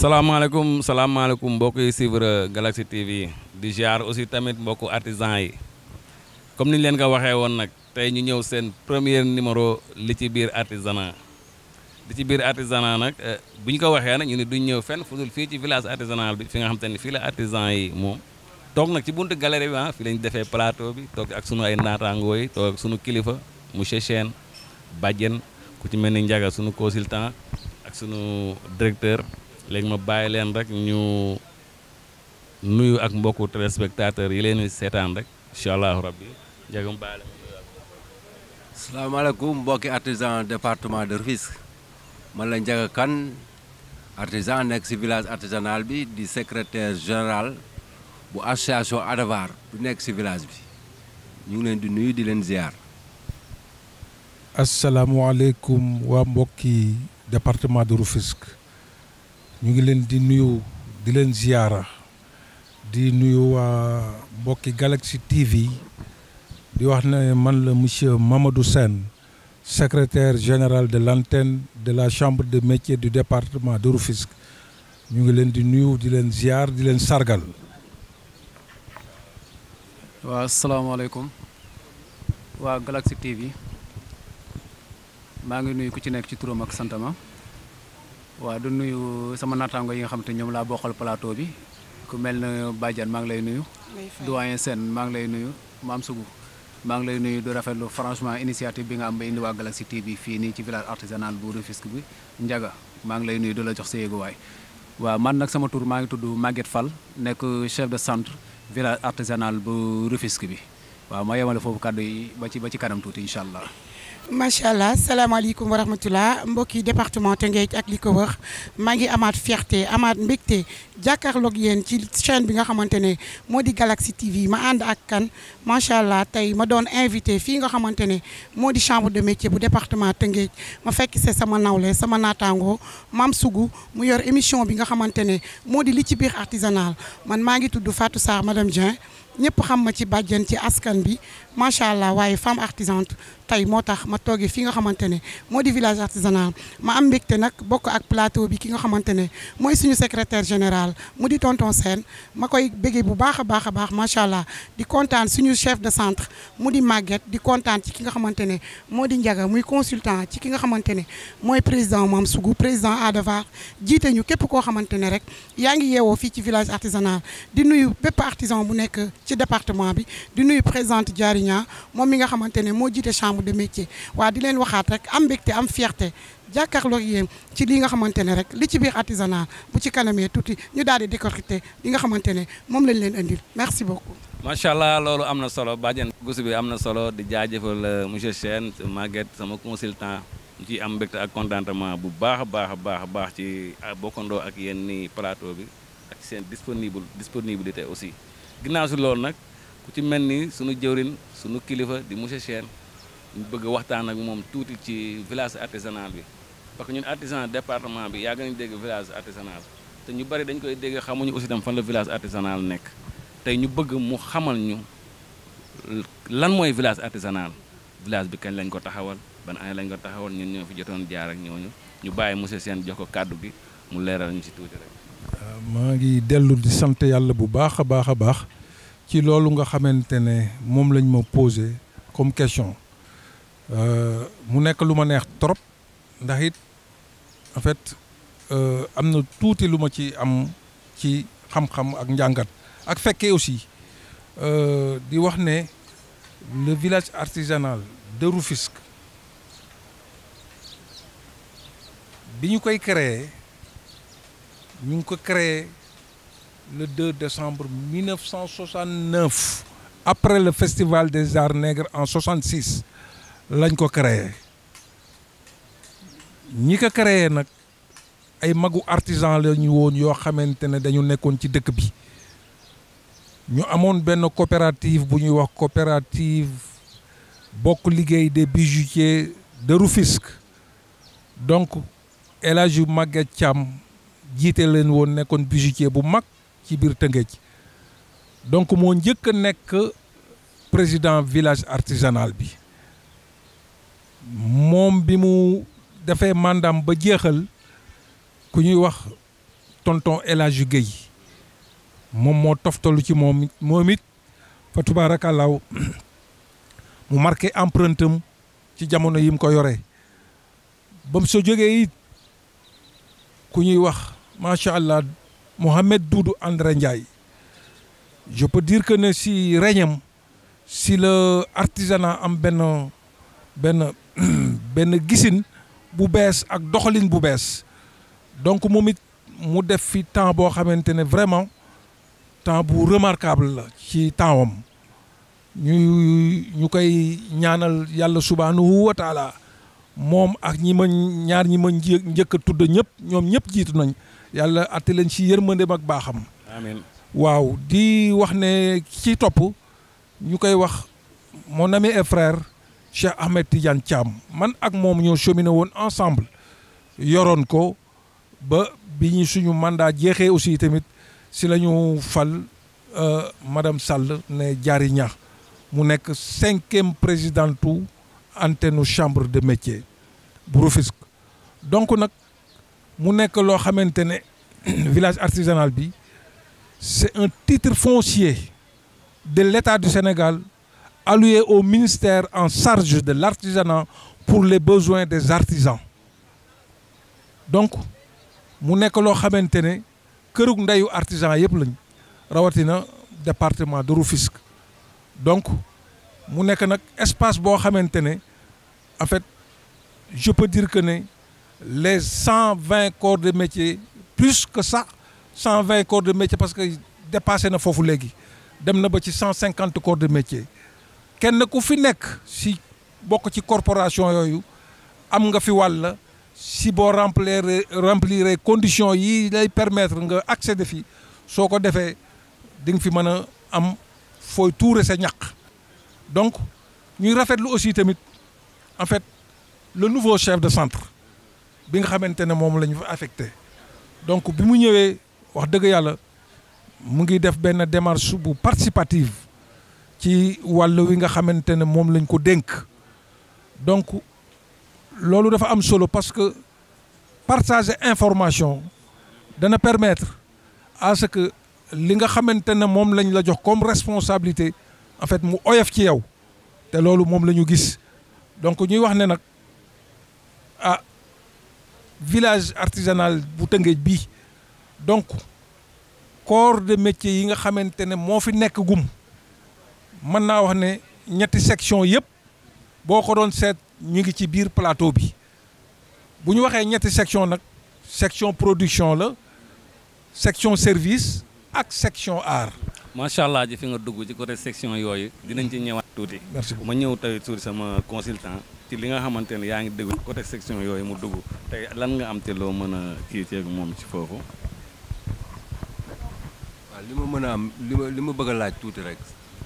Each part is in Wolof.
salaamaaleykum salaamaaleykum mbokk yi suivre Galaxy TV di ziar aussi tamit mbokku artisan yi comme niñ leen ko waxee woon nag tey ñu ñëw seen premier numéro li ci biir artisanat li ci biir artisanat nag eh, bu ñu ko waxee nag ñu ne duñ ñëw fenn fudul fii ci village artisanal bi fi nga xam te ne fii la artisan yi moom toog nag ci buntu galerie bi ah fi lañ defee palato bi toog ak sunu ay naataangoo yi toog ak sunu kilifa monsieur Chène Badiane ku ci mel ni Ndiaga sunu consultant ak sunu directeur. léegi ma bàyyi leen rek ñu nuyu ak mbokku téléspectateurs yi leen di seetaan rek incha allahu rabbi njëgam bàyyi leen nuyu mbokki artisan département de Rufis man la Ndiaga kan artisan nekk si village artisanal bi di secrétaire général bu association Adavar bu nekk si village bi ñu ngi leen di nuyu di leen ziar. asalaamualeykum waa mbokki département de Rufisque ñu ngi leen di nuyu di leen ziyaara di nuyu waa mbokki Galaxy TV di wax na man la monsieur Mamadou Sène secretaire général de lanten de la chambre de métier du département de Rufisque ñu ngi leen di nuyu di leen ziyaar di leen sargal. waa asalaamaaleykum waa Galaxy TV maa ngi nuyu ku ci nekk ci turam ak waaw du nuyu sama naataango yi nga xam te ñoom laa bokkal plateau bi ku mel na Badiane maa ngi lay nuyu. doyen Sène maa ngi lay nuyu maam Sougou maa ngi lay nuyu du rafetlu franchement initiative bi nga am ba indi waa Galaxy TV fii nii ci village artisanal bu Rufisque bi njaga maa ngi lay nuyu du la jox sa waay waaw man nag sama tur maa ngi tudd Maguette fal nekk chef de centre village artisanal bu Rufisque bi waaw ma yemale foofu kàddu yi ba ci ba ci kanam tuuti incha allah. macha allah salaamaaleykum wa rahmatulah mbokki département Tëngéej ak li ko wax maa ngi amaat fierté amaat mbégte jàkkarloog yéen ci chaîne bi nga xamante ne moo di Galaxy TV ma ànd ak kan macha allah tey ma doon invité fii nga xamante ne moo di chambre de métier bu département Tëngéej ma fekk se sama nawle sama naataango maam sugu mu yor émission bi nga xamante ne moo di li ci biir artisanal man maa ngi tudd Fatou Sarr madame Dieng ñëpp xam ma ci bàjjen ci askan bi. macha allah femme artisante tay motax ma toogee fi nga xamantene modi village artisanal ma am mbégte nak bokk ak plateau bi ki nga xamantene suñu secrétaire général modi tonton Sène ma koy bu baax a baax a di suñu chef de centre modi Maguette di content, ci ki nga xamantene modi muy consultant ci ki nga xamantene président mamsugu président Adava jiite ñu képp ko xamantene ne rek yaangi yéwo fi ci village artisanal di nuyu peu artisan bu nek ci département bi di nuyu présente diari. Mary moom mi nga xamante ne moo jiite chambre de métier waa di leen waxaat rek am mbégte am fierté jàkkaarloog yéen ci li nga xamante ne rek li ci biir artisanat bu ci kanamee tuuti ñu daal di décortiquer li nga xamante ne moom lañ leen indil merci beaucoup. macha allah loolu am na solo bàjjen gusu bi am na solo di jaajëfal euh, monsieur Sène Maguette sama consultant ñu ciy am mbégte ak contentement bu baax a baax a baax a baax ci euh, bokkandoo ak yéen ni plateau bi ak seen disponible disponibilité aussi ginnaaw loolu nag ci mel ni sunu jëwrin sunu kilifa di monsieur Chène ñu bëgg waxtaan ak moom tuuti ci village artisanal bi parce que ñun artisan département bi yàgg nañu dégg village artisanal te ñu bari dañ koy dégg xamuñu aussi tam fan la village artisanal nekk tey ñu bëgg mu xamal ñu lan mooy village artisanal village bi kañ lañ ko taxawal ban année lañ ko taxawal ñun ñoo fi jotoon jaar ak ñooñu ñu bàyyi monsieur Sène jox ko kàddu gi mu leeral ñu ci tuuti rek. Euh, maa ngi dellu di sant yàlla bu baax a baax a baax. ci loolu nga xamante ne moom lañ ma posé comme question euh, mu nekk lu ma neex trop ndax it en fait euh, am na tuuti lu ma ci am ci xam-xam ak njàngat ak fekkee aussi euh, di wax ne le village artisanal de Rufisque bi ñu koy créer ñu ngi ko créer le 2 décembre 1969 après le festival des arts nègres en 66 nous ko créé Nous ko créé nak, ay magu artisan la ñu woon yoo dañu nekkoon ci coopérative bu ñuy wax coopérative bokk des bijoutiers de Rufisque donc El Hadj Maguette Thiam jiite leen woon bijoutier bu mag ci biir Tëngéej donc moo njëkk a nekk président village artisanal bi moom bi mu defee mandam ba jeexal ku ñuy wax tonton El Hadj moom moo toftalu ci moom it fa tubaarakallaaw mu marqué empreinte ci jamono yi mu ko yoree ba mu soo jógee it ku ñuy wax macha allah Mohamed Doudou André Ndiaye je peut dire que ne si reñam si le artisanat am benn benn benn gisin bu bees ak doxalin bu bees donc moom it mu def fi temps boo xamante ne vraiment temps bu remarquable la ci tempsam ñuy ñu koy ñaanal yàlla subhaanahu wa moom ak ñi ma ñaar ñi ma një njëkk a tudd ñëpp ñoom ñëpp jiitu nañ yàlla atte leen ci yërmandeem ak baaxam. amiin waaw di wax ne ci topp ñu koy wax mon ami et frère Cheikh Ahmed Tidiane Thiam man ak moom ñoo cheminé woon ensemble yoroon ko ba bi ñu suñu mandat jeexee aussi tamit si la ñu fal euh, madame Sall ne jaari ñax mu nekk cinquième présidentu antenne chambre de métier bu Rufisque donc nag mu nek village artisanal bi c'est un titre foncier de l'État du Sénégal alloué au ministère en charge de l'artisanat pour les besoins des artisans donc mu nek lo xamantene keuruk kërug artisan lañ département de Rufisque donc mu nek nak espace en fait je peux dire que les 120 corps de métier plus que ça 120 corps de métier parce que dépassé na fofu légui dem na ba ci 150 corps de métier kenn ku fi nek, si beaucoup ci corporation yoyu am nga fi si elles remplir remplir conditions yi permettent permettre nga accéder fi soko ko fait fi meuna am ont tout sa ñaq donc ñuy rafetlu aussi tamit en fait le nouveau chef de centre bi nga xamantene mom lañu fa affecté donc bi mu ñëwé wax dëgg yalla mu ngi def ben démarche bu participative ci walu wi nga xamantene mom lañ ko denk donc lolu dafa am solo parce que partager information dana permettre à ce que li nga xamantene mom lañ la jox comme responsabilité en fait mu oyof ci yow té lolu mom lañu gis donc ñuy wax né nak ah village artisanal bu Tëngéej bii donc corps de métier yi nga xamante ne moo fi nekk gum mën naa wax ne ñetti section yëpp boo ko doon seet ñu ngi ci biir plateau bi bu ñu waxee ñetti section nag section production la section service ak section aar macha allah ji fi nga dugg ci côté section yooyu dinañ ci ñëwaat tuuti. merci beaucoup ma ñëw tey suur sama consultant ci li nga xamante ne yaa ngi déglu côté section yooyu mu dugg te lan nga am te loo mën a kii ceeg moom ci foofu. li ma mën a am li ma li ma bëgg a laaj tuuti rek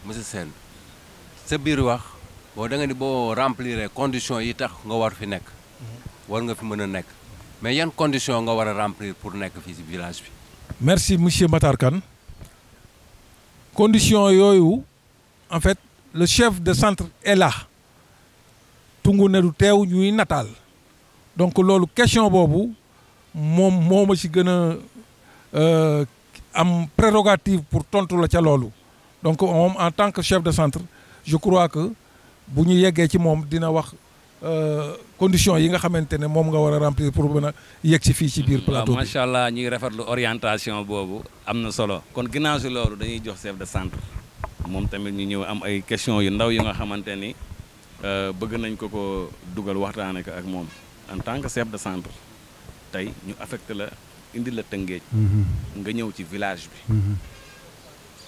monsieur Sène sa biir wax boo da nga ni boo remplir conditions yi tax nga war fi nekk. war nga fi mën a nekk mais yan conditions nga war a remplir pour nekk fii si village bi. merci monsieur Matar condition yoyou en fait le chef de centre est là tungu ne du teew ñuy natal donc lolu question bobu mom moma ci gëna euh am prérogative pour tontu la ci lolu donc moom en tant que chef de centre je crois que buñu ñu ci mom dina wax Euh, conditions yi nga xamante ne moom nga war a remplir pour mën a yegg si fii ci biir plateau bi macha allah ñuy rafetlu orientation boobu am na solo kon ginnaaw si loolu dañuy jox chef de centre moom tamit ñu ñëw am ay question yu ndaw yi nga xamante ni euh, bëgg nañ ko ko dugal waxtaane ak moom en tant que chef de centre tey ñu affecté la indi la Tëngéej mm-hmm. nga ñëw ci village bi mm-hmm.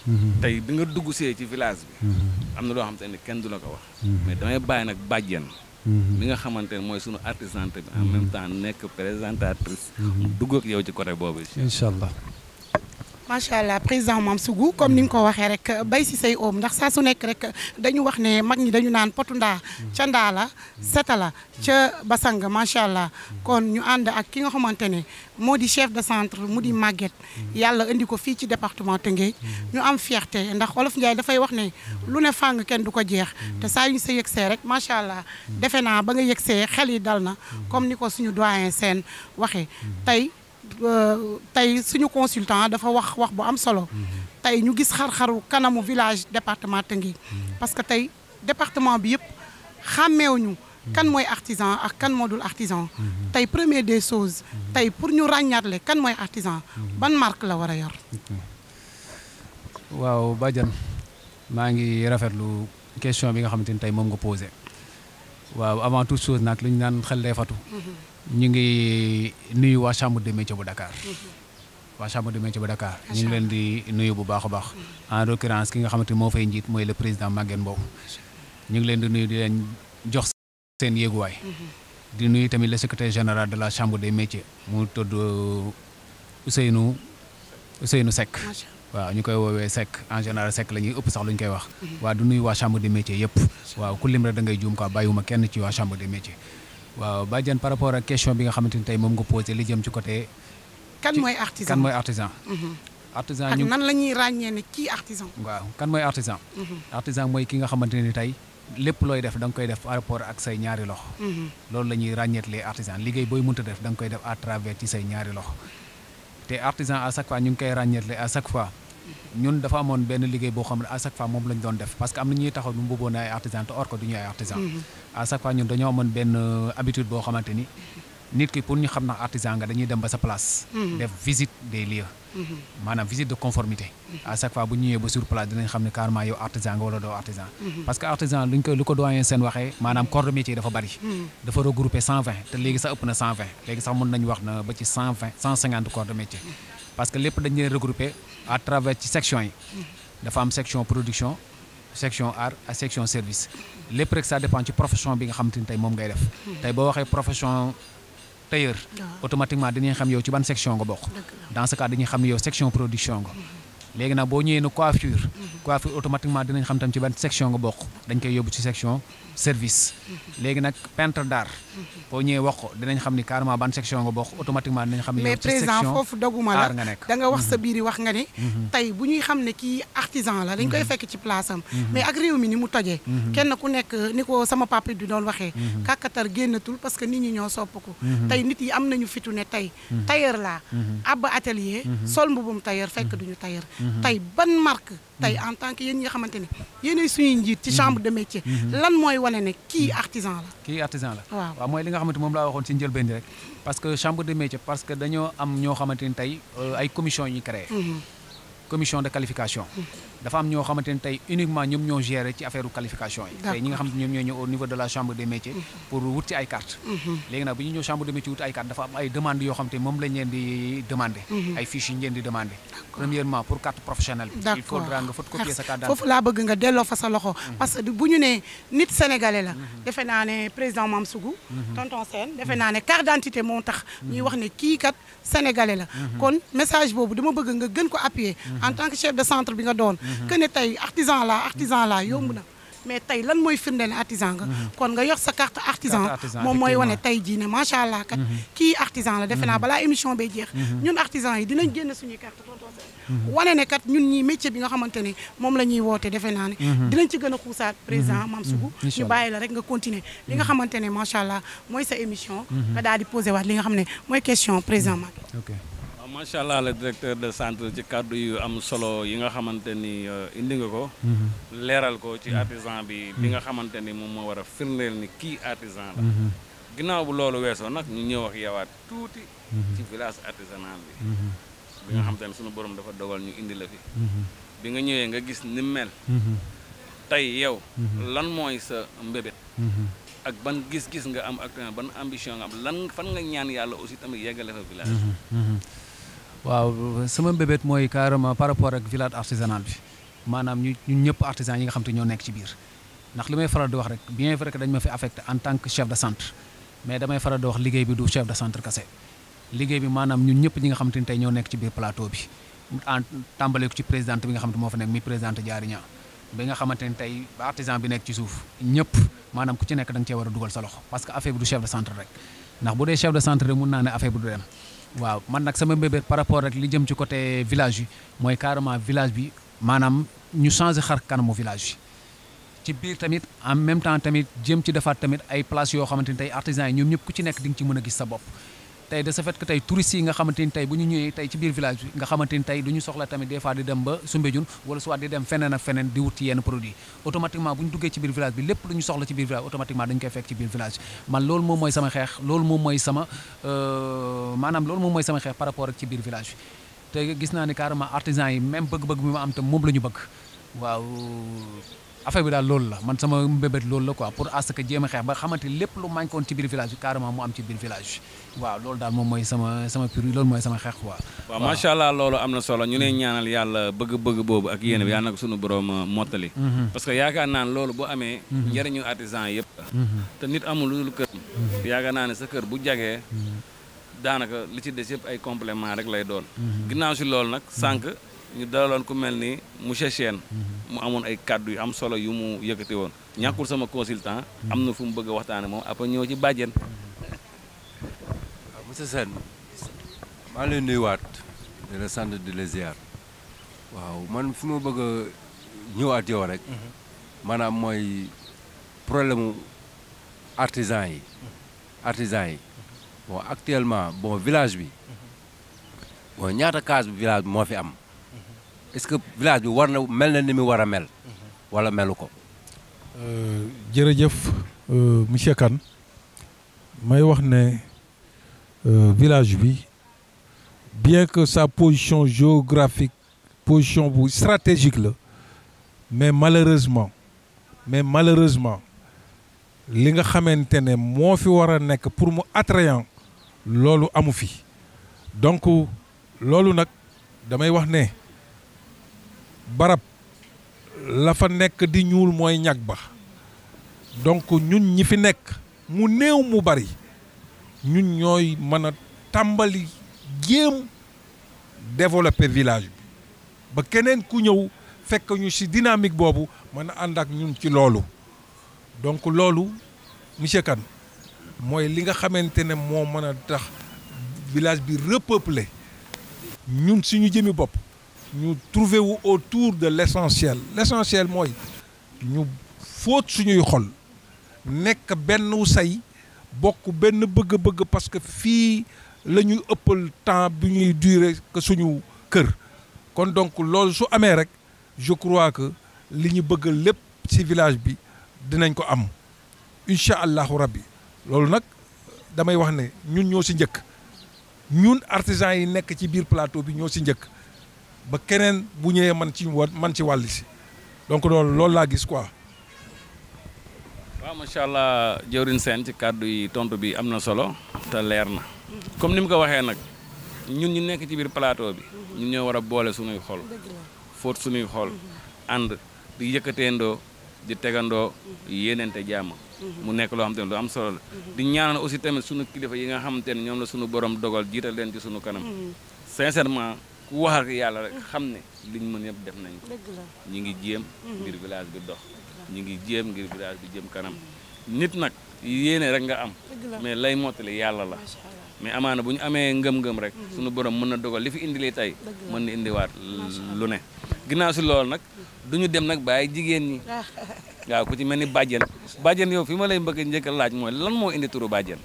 Mm-hmm. tey bi nga dugg see ci village bi am na loo xam te ne kenn du la ko wax mais da bàyyi nag bàjjen Mm-hmm. mi nga xamante ne mooy sunu artisante bi en même temps nekk présentatrice. Mm-hmm. dugg ak yow ci côté boobu. incha allah. macha allah président moom Mansour comme ni nga ko waxee rek bay si say om ndax saa su nekk rek dañu wax ne mag ñi dañu naan potu ndaa ca ndaa la seta ca basang macha allah kon ñu ànd ak ki nga xamante ne moo di chef de centre mu di Maguette yàlla indi ko fii ci département Tëngéej ñu am fierté ndax olof Ndiaye dafay wax ne lu ne fàng kenn du ko jeex te saa yu ñu sa yëgsee rek macha allah defe naa ba nga yëgsee xel yi dal na comme ni ko suñu doyen seen waxee tey. Euh, tay suñu consultant dafa wax wax bu am solo tay ñu gis xar-xaru kanamu village département Tëngéej parce que tay département bi yëpp xàmmeewuñu kan moy artisan ak kan modul artisan tay premier des choses tay pour ñu le kan moy artisan ban marque la wara yor waaw Badiane ma ngi rafetlu question bi nga xamanteni tay mom nga poser waaw avant toute chose nak luñ nane xel ñu ngi nuyu waa chambre de métier bu Dakar mhm. waa chambre de métier bu Dakar ñu ngi leen di nuyu bu baax a baax mhm. en l'occurrence ki nga xamante ni moo fay njiit mooy le président Maguette Mbow ñu ngi leen di nuyu di leen jox seen yéeguwaay mhm. di nuyu tamit le secrétaire général de la chambre des métiers mu tudd Ousseynou sekk Seck waaw ñu koy woowee Seck en général Seck la ñuy ëpp sax lu ñu koy wax waa du nuyu wax chambre des métiers yëpp waaw ku lim rek da ngay juum quoi bàyyiwuma kenn ci waa chambre des métiers waaw Badiane par rapport ak question bi nga xamante ni tey moom nga posé li jëm ci côté. kan mooy artisan kan mooy artisan. Mhm. artisan ñu nan la ñuy ràññee ne kii artisan. waaw kan mooy artisan. Mhm. artisan mooy ki nga xamante ne tey lépp looy def danga nga koy def par rapport ak say ñaari loxo. Mhm. loolu la ñuy ràññeetlee artisan liggéey booy mënta def da nga koy def à travers ci say ñaari loxo te artisan à chaque fois ñu ngi koy ràññeetlee à chaque fois. ñun dafa amoon benn liggéey boo xam ne à chaque fois moom lañ doon def parce que am na ñuy taxaw ñu mbubboo ay artisan te or ko du ñu ay artisan mhm. à chaque fois ñun dañoo amoon benn euh, habitude boo xamante ni nit ki pour ñu xam na artisan nga dañuy dem ba sa place mhm. def visite des lieux mhm. maanaam visite de conformité à chaque fois bu ñu ba sur place dinañ xam ne carrément yow artisan nga wala doo artisan parce que artisan luñ ko lu ko doyen seen waxee parce que lépp dañu leen regrouper à travers ci section yi dafa am section production section art ak section service lépp rek ça dépend ci profession bi nga xam tay ni moom ngay def tay boo waxee profession tailleur ah. automatiquement dañuy xam yow ci ban section nga bokk dans ce cas dañuy xam yow section production nga léegi nag boo ñëwee na coiffure mhm. coiffure automatiquement dinañ xam tam ci ban section nga bokk dañ koy yóbbu ci section service léegi nag peintre d'art boo ñëwee wax ko dinañ xam ni carrément ban section nga bokk automatiquement dinañ xam ne mais président foofu doguma la nga nekk da nga wax sa mhm. biiri wax nga ne mhm. tey bu ñuy xam ne kii artisan la dañ koy mhm. fekk ci place am mais ak réew mi ni mu tojee kenn ku nekk ni ko sama papa di doon waxee kàkkatar génnatul parce que nit ñi ñoo sopp ko tey nit yi am nañu fitu ne tey tailleur la abba atelier sol mbubum tailleur fekk duñu tailleur tey ban marque tay mm-hmm. en tant que yéen ñi nga xamante ne suñu njit ci chambre de métier mm-hmm. lan moy wane ne kii mm-hmm. artisan la ki artisan la wa moy li nga xamanteni mom la waxoon ci njëlbeen rek parce que chambre de métier parce que dañoo am ño xamanteni tay euh, ay commission yi créé commission de qualification dafa am ñoo xamante ne tey uniquement ñoom ñoo gérer ci affaire qualification yi tey ñi nga xamante ñoom ñoo ñëw au niveau de la chambre des métiers mm-hmm. pour wut ci ay carte mm-hmm. léegi nag bu ñu ñëw chambre des métiers wut ay carte dafa am ay demande yoo xam te moom lañ leen di demander mm-hmm. ay fiches yi ñu di demander premièrement pour carte professionnelle bi il faudra nga photocopier sa carte foofu laa bëgg nga delloo fa sa loxo parce que bu ñu nee nit sénégalais la defe naa ne président Sougou. tonton Sène defe naa ne carte d'identité moo tax ñuy wax ne kii kat sénégalais la kon message boobu dama bëgg nga gën ko appuyer en tant que chef de centre bi nga doon que ne tey artisan la artisan la yomb na mais tey lan mooy firnde ne artisan nga kon nga yox sa carte artisan moom mooy wane tey jii ne macha allah kat mhm. kii artisan la defe naa mhm. balaa émission bay jeex mhm. ñun artisan yi dinañ génn suñu carte wane ne kat ñun ñii métier bi nga xamante ne moom la ñuy woote defe naa ne dinañ ci gën a xuusaat président Mame Sougou ñu bàyyi la rek nga continuer li nga xamante ne macha allah mooy sa émission nga daal di posé waat li nga xam ne mooy question président Macky macha allah le directeur de centre ci kàddu yu am solo yi nga xamante ni euh, indi nga ko. Mm-hmm. leeral ko ci mm-hmm. artisan bi bi nga mm-hmm. xamante ni moom moo war a firndeel ni kii artisan la. ginnaaw bu loolu weesoo nag ñu ñëw wax yowaat tuuti. ci village artisanal bi. bi nga xam te ni suñu borom dafa dogal ñu indi la fi. bi nga ñëwee nga gis ni mel. tey yow. lan mooy sa mbébét. ak ban gis-gis nga am ak ban ambition nga am lan fan nga ñaan yàlla aussi tamit yeggale fa village. waaw sama mbébét mooy carrément par rapport ak village artisanal bi maanaam ñu ñun ñëpp artisan yi nga xam te ñoo nekk ci biir ndax li may faral di wax rek bien vrai que dañ ma fi affecté en tant que chef de centre mais damay faral di wax liggéey bi du chef de centre kese liggéey bi maanaam ñun ñëpp ñi nga xam te ni tey ñoo nekk ci biir plateau bi en tàmbale ci présidente bi nga xam te moo fa nekk mi présidente Diary Niang bi nga xamante ni tey artisan bi nekk ci suuf ñëpp maanaam ku ci nekk da cee war a dugal sa loxo parce que affaire bi du chef de waaw man nag sama mbébét par rapport ak li jëm ci côté village yi mooy carrément village bi maanaam ñu changé xar kanamu village yi ci biir tamit en même temps tamit jëm ci defaat tamit ay place yoo xamante ni tey artisans yi ñoom ñëpp ku ci nekk di nga ci mën a gis sa bopp tey de ce fait que tey touristes yi nga xamante ni tey bu ñu ñëwee tey ci biir village bi nga xamante ni tey du ñu soxla tamit des fois di dem ba Soumbédioune wala soit di dem feneen ak feneen di wut yenn produit automatiquement bu ñu duggee ci biir village bi man loolu moom mooy sama xeex loolu moom mooy sama euh, maanaam loolu moom mooy sama xeex par rapport ak ci biir village bi te gis naa ni carrément artisans yi même bëgg-bëgg bi ma am te moom la bëgg affaire bi daal loolu la man sama mbébét loolu la quoi pour à ce a xeex ba xamante lépp lu manqué woon ci biir village bi carrément mu am ci biir village bi waaw loolu daal moom mooy sama pur loolu mooy sama xeex quoi. waaw macha allah loolu am na solo ñu ne ñaanal yàlla bëgg-bëgg boobu ak yéen bi yàlla nag sunu borom uh, mottali. Mhm. parce que yaakaar naa ne loolu bu amee. Mhm. njëriñu artisan yëpp. Mhm. te nit amul lu dul kër. yaakaar naa ne sa kër bu jagee. daanaka li ci des yëpp ay complément rek lay doon. ginnaaw si loolu nag sànq. ñu dalaloon ku mel ni monsieur Chène mhm. mu amoon ay kàddu yu am solo yu mu yëkkati woon ñàkkul sama consultant mhm. am na fu mu bëgg a waxtaane moom après ñëw ci bàjjen waaw ah, monsieur Sène maa leen waaw man fu ma bëgg a ñëwaat mhm. mooy problème artisan yi artisan yi bon actuellement bon village bi bon ñaata case village bi moo fi am est-ce que village bi war na mel na ni mu war mel. wala euh ko. euh monsieur Kane may wax ne euh, village bi bien que sa position géographique position stratégique la mais malheureusement mais malheureusement li nga xamantene mo fi wara nek pour mu attrayant lolu amu fi donc lolu nak damay wax ne. barab lafa nekk di ñuul mooy ñag ba donc ñun ñi fi nekk mu néew mu bari ñun ñooy mën a tàmbali jéem développer village bi ba keneen ku ñëw fekk ñu si dynamique boobu mën a ànd ak ñun ci loolu donc loolu monsieur mooy li nga xamante ne moo mën a tax village bi repeupler ñun suñu jëmi bopp nous trouver autour de l'essentiel l'essentiel mooy ñu fóot suñuy xol nek benn wu say bokk benn bëgg-bëgg parce que fi la ëppal temps bi ñuy durer que suñu kër kon donc loolu su amé rek je crois que li ñu bëgg lépp ci village bi dinañ ko am incha allahu rabbi loolu nag damay wax né ñun ñoo ci njëkk ñun artisans yi nek ci biir plateau bi ñoo ci njëkk ba keneen bu ñëwee man ci man ci wàll si donc loolu loolu laa gis quoi. waaw macha allah jëwriñ seen ci kàddu yi tontu bi am na solo te leer na comme ni mu ko waxee nag ñun ñu nekk ci biir palaato bi ñun ñoo war a boole suñuy xol fóot suñuy xol ànd di yëkkateendoo di tegandoo yéeneente jàmm mu nekk loo xam te ne lu am solo la di ñaanal aussi tamit sunu kilifa yi nga xamante ne ñoom la sunu borom dogal jiital leen ci sunu kanam mm-hmm. sincèrement. ku wax yàlla rek xam ne liñ mën yëpp def nañ ko ñu ngi jéem mhm. ngir village bi dox ñu ngi jéem ngir village bi jëm kanam nit nag yéene rek nga am mais lay mottali yàlla la mais amaana bu ñu amee ngëm-ngëm rek mhm. sunu borom mën na dogal li fi indi li tey mën na indiwaat lu ne ginnaaw si loolu nag du ñu dem nag bàyyi jigéen ñi waaw ku ci mel ni bàjjen bàjjen yow fi ma lay mbëgg njëkk laaj mooy lan moo indi turu bàjjen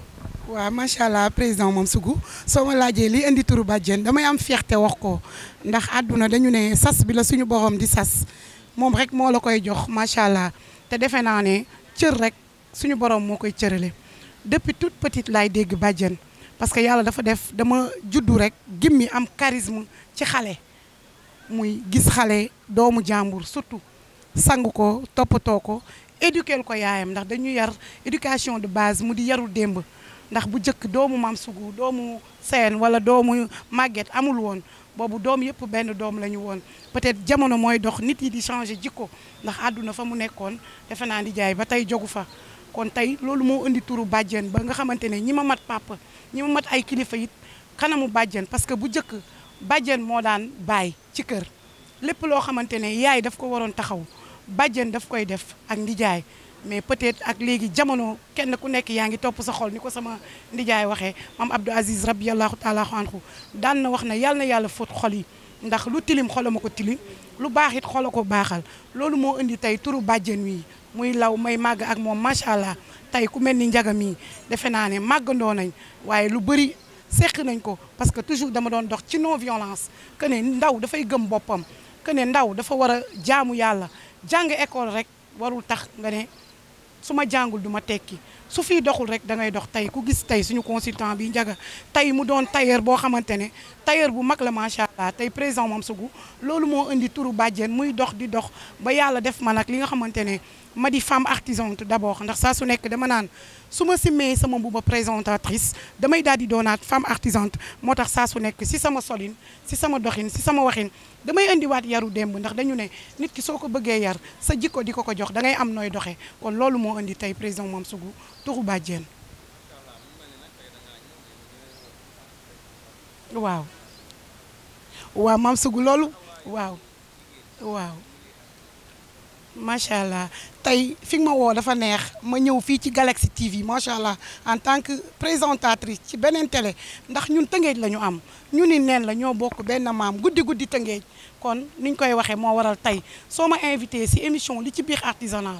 waaw macha allah président moom sugu soo ma laajee li indi turu bàjjen damay am fierté wax ko ndax àdduna dañu ne sas bi la suñu borom di sas moom rek moo la koy jox macha allah te defe naa ne cër rek suñu borom moo koy cërale depuis tout petite laay dégg bàjjen parce que yàlla dafa def dama juddu rek gimmi am charisme ci xale muy gis xale doomu jàmbur surtout sang ko toppatoo ko éduquer ko yaayam ndax dañu yar éducation de base mu di yarul démb ndax bu jëkk doomu maam sugu doomu seen wala doomu màgget amul woon boobu doom yëpp benn doom la ñu woon peut-être jamono mooy dox nit yi di changé jikko ndax àdduna fa mu nekkoon defe naa di jaay ba tey jogu fa kon tey loolu moo indi turu bàjjen ba nga xamante ne ñi ma mat papa ñi ma mat ay kilifa it kanamu bàjjen parce que bu jëkk bàjjen moo daan baay ci kër lépp loo xamante ne yaay daf ko waroon taxaw bàjjen daf koy def ak ndijaay mais peut-être ak léegi jamono kenn ku nekk yaa ngi topp sa xol ni ko sama ndijaay waxee maam Abdou Aziz rabiyallahu taala anhu daan na wax na yàlla na yàlla fóot xol yi ndax lu tilim xola ma ko tilim lu baax it xola ko baaxal loolu moo indi tey turu bàjjen wi muy law may màgg ak moom macha allah tey ku mel ni njagam mii defe naa ne màggandoo nañ waaye lu bëri seq nañ ko parce que toujours dama doon dox ci non violence que ne ndaw dafay gëm boppam que ndaw dafa war a jaamu yàlla jàng école rek warul tax nga su ma jàngul du ma tekki su fii doxul rek da dox tey ku gis tey suñu consultant bi njaga tey mu doon tailleur boo xamante ne tailleur bu mag la macha allah tey président moom sugu loolu moo indi turu bàjjen muy dox di dox ba yàlla def ma nag li nga xamante ne ma di femme artisan d'abord ndax saa su nekk dama naan suma ma simmee sama mbuba présentatrice damay daal di femme artisante motax sa su nek si sama solin si sama doxine si sama waxine damay wat yaru demb ndax dañu ne nit ki soko ko yar sa jikko di ko jox da ngay am noy doxé kon lolu mo andi tay président mom sugu tourou bàjjeen waaw waaw mam sugu lolu waaw waaw macha tay fi nga ma woo dafa neex ma ñew fi ci Galaxy TV macha en tant que présentatrice ci benen télé ndax ñun tëngeej lañu am ñu ni neen la ñoo bokk benn maam guddi guddi tëngeej kon niñ koy waxe mo waral tay soma invité si émission li ci biir artisanal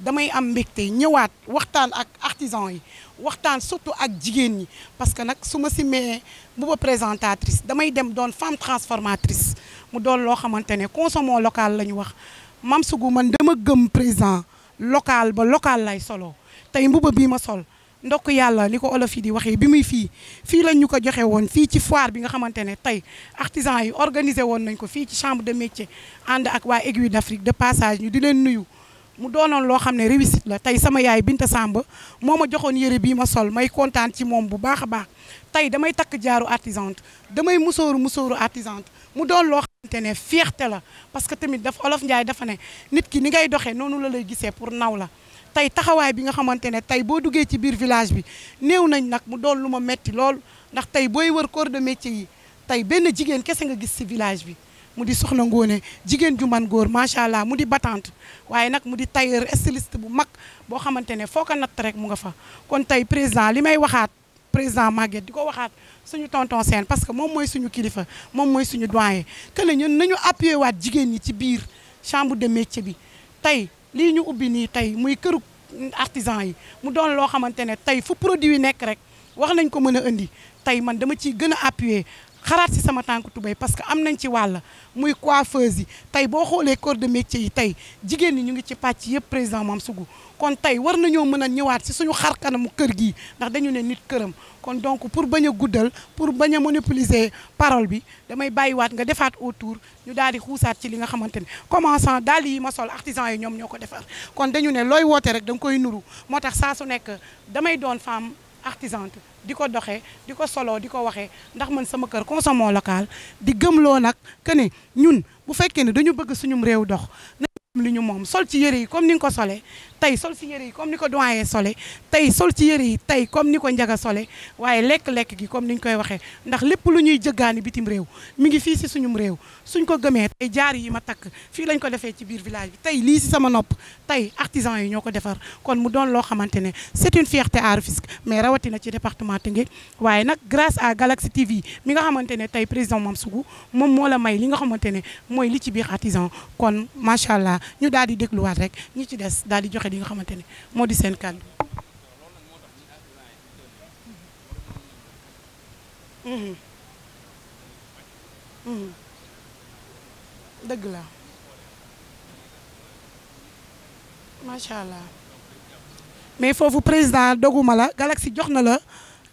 damay am mbégte ñëwaat waxtaan ak artisan yi waxtaan surtout ak jigen ñi parce que nak suma si mee bu ba présentatrice damay dem doon femme transformatrice mu doon lo xamantene ne local la wax. mam sugu man dama gëm président local ba local lay solo tey mbuba bii ma sol ndokk yàlla ni ko olof yi di waxee bi muy fii fii lañ ñu ko joxe woon fii ci foire bi nga xamante ne tey artisan yi organisé woon nañ ko fii ci chambre de métier ànd ak waa aiguille d'Afrique de passage ñu di leen nuyu mu doonoon loo xam ne réussite la tey sama yaay Binta Samba moo ma joxoon yére bii ma sol may kontaan ci moom bu baax a baax tey damay takk jaaru artisante damay musóoru musóoru artisante te ne fierté la parce que tamit dafa olof Njaay dafa ne nit ki ni ngay doxee noonu la lay gisee pour naw la tey taxawaay bi nga xamante ne tey boo duggee ci biir village bi néew nañ nag mu doon lu ma metti lool ndax tey booy war corps de métier yi tey benn jigéen kese nga gis ci village bi mu di soxna Ngoone jigéen ju man góor macha allah mu di batant waaye nag mu di tailleur styliste bu mag boo xamante ne foo ko natt rek mu nga fa kon tey président li may waxaat président Maguette di ko waxaat suñu tonton seen parce que moom mooy suñu kilifa moom mooy suñu doyen que ne ñun nañu appuyer waat jigéen ñi ci biir chambre de métier bi tey lii ñu ubbi nii tey muy këru artisan yi mu doon loo xamante ne tey fu produit yi nekk rek wax nañ ko mën a indi tey man dama ciy gën a appuyer xaraat si sama tànk tubéy parce que am nañ ci wàll muy coiffeuse yi tey boo xoolee corps de yi tey jigéen ñi ñu ngi ci pàcc yëpp président moom Sougou kon tey war nañoo mën a ñëwaat si suñu xar kanamu kër gi ndax dañu ne nit këram kon donc pour bañ a guddal pour bañ a monopoliser parole bi damay bàyyiwaat nga defaat autour ñu daal di xuusaat ci li nga xamante ne commençant daal yi ma sol artisan yi ñoom ñoo ko defar kon dañu ne looy woote rek da nga koy nuru moo tax saa su nekk damay doon femme artisante di ko doxee di ko solo di ko waxee ndax man sama kër consommons local di gëmloo nag que ne ñun bu fekkee ne dañu bëgg suñum réew dox li ñu sol ci yére yi comme ni nga ko sole tey sol ci yére yi comme ni ko doyen sole tey sol ci yére yi tey comme ni ko njaga sole waaye gi comme ni ñu koy waxee ndax lépp lu ñuy jëggaani bitim réew mi ngi fii ci suñum suñ ko gëmee tey jaar yi ma lañ ko ci biir village Tay tey lii ci sama artisan yi ñoo ko defar kon mu doon loo xamante c'est une fierté à Rufisque mais rawatina ci département Tëngéej waaye nag grâce à Galaxy TV mi nga xamante président Mansour moom moo la may li nga xamante li ci biir artisan kon macha ñu daal di dégluwaat rek ñu ci des daal di joxe di nga xamante ni moo di seen kàddu. Mm-hmm. Mm-hmm. dëgg la macha allah mais foofu président doguma la Galaxy jox na la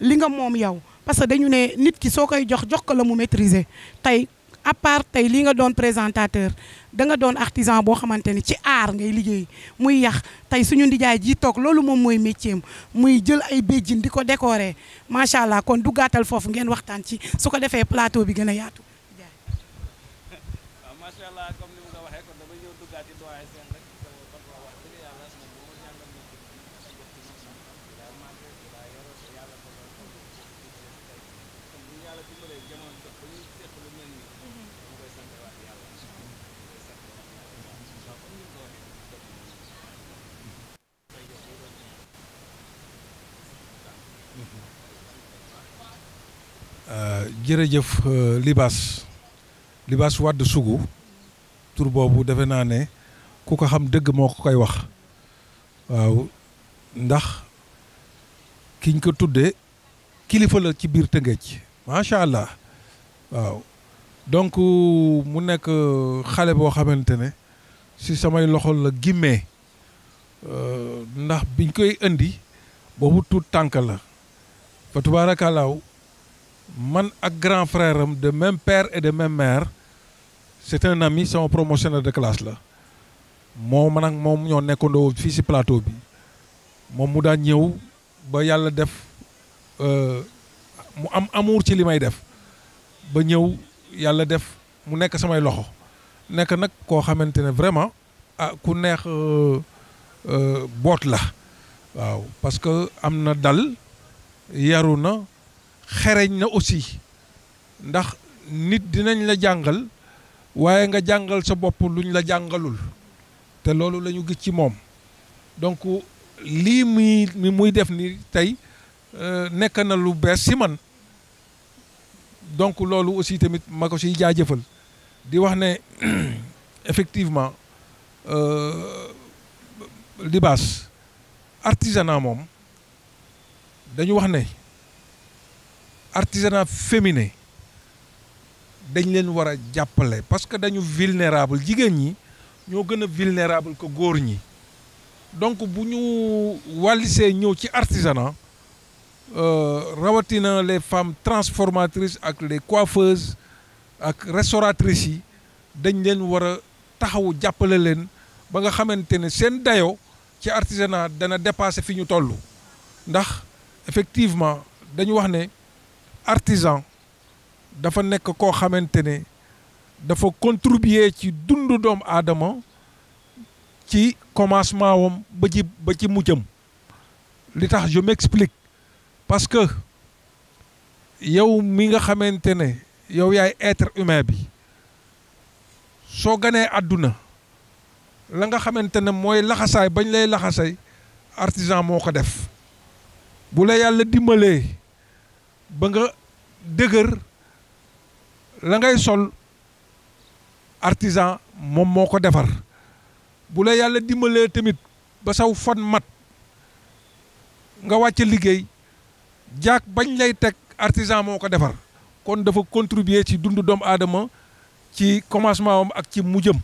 li nga moom yow parce que dañu ne nit ki soo koy jox jox ko la mu maîtriser tey. à part tey li nga doon présentateur danga nga doon artisan boo xamante ni ci aar ngay liggéey muy yax tey suñu ndijaay ji toog loolu moom mooy métier muy jël ay béjjin di ko décorer macha allah kon du gàttal foofu ngeen waxtaan ci su ko defee plateau bi gën a yaatu. Euh, jërëjëf euh, Libaas Libaas Wade Sougou tur boobu defe naa ne ku ko xam dëgg moo ko koy wax waaw ndax kiñ ko tuddee kilifa la ci biir Tëngéej macha allah waaw donc mu nekk euh, xale boo xamante ne si samay loxo la gimmee ndax biñ koy indi boobu tuut tànk la fa man ak grand frère de même père et de même mère c'est un ami sama promotionnaire de classe là moom man ak moom ñoo nekkandoo fi ci plateau bi mom mu daan ñëw ba yalla def euh mu am amour ci limay def ba ñew yalla def mu nekk samay loxo nekk nak ko xamantene vraiment ah, ku neex euh, euh bot la waaw parce que amna dal yaruna xereñ na aussi ndax nit dinañ la jàngal waaye nga jàngal sa bopp luñ la jàngalul te loolu la ñu gis ci moom donc lii muy muy def ni tey euh, nekk na lu bees si man donc loolu aussi tamit ma ko siy jaajëfal di wax ne effectivement euh, libaas artisanat moom dañu wax ne artisanat féminin dañ leen war a jàppale parce que dañu vulnérable jigéen ñi ñoo gën a vulnérable que góor ñi donc bu ñu wàllisee ñëw ci artisanat euh, rawatina les femmes transformatrices ak les coiffeuses ak restauratrices yi dañ leen war a taxawu jàppale leen ba nga xamante ne seen ci artisanat dana dépasser fi ñu toll ndax effectivement dañu wax ne artisan dafa nekk koo xamante ne dafa contribuer ci dundu doomu aadama ci commencement wam ba ci ba ci mujjam li tax je m'explique parce que yow mi nga xamante ne yow yaay être humain bi soo ganee àdduna la nga xamante ne mooy laxasaay bañ lay laxasay artisan moo ko def bu la yàlla dimbalee ba nga dëgër la ngay sol artisan moom moo ko defar bu la yàlla dimbalee tamit ba saw fon mat nga wàcc liggéey jaak bañ lay teg artisan moo ko defar kon dafa contribuer ci dundu doomu aadama ci commencement am ak ci mujjam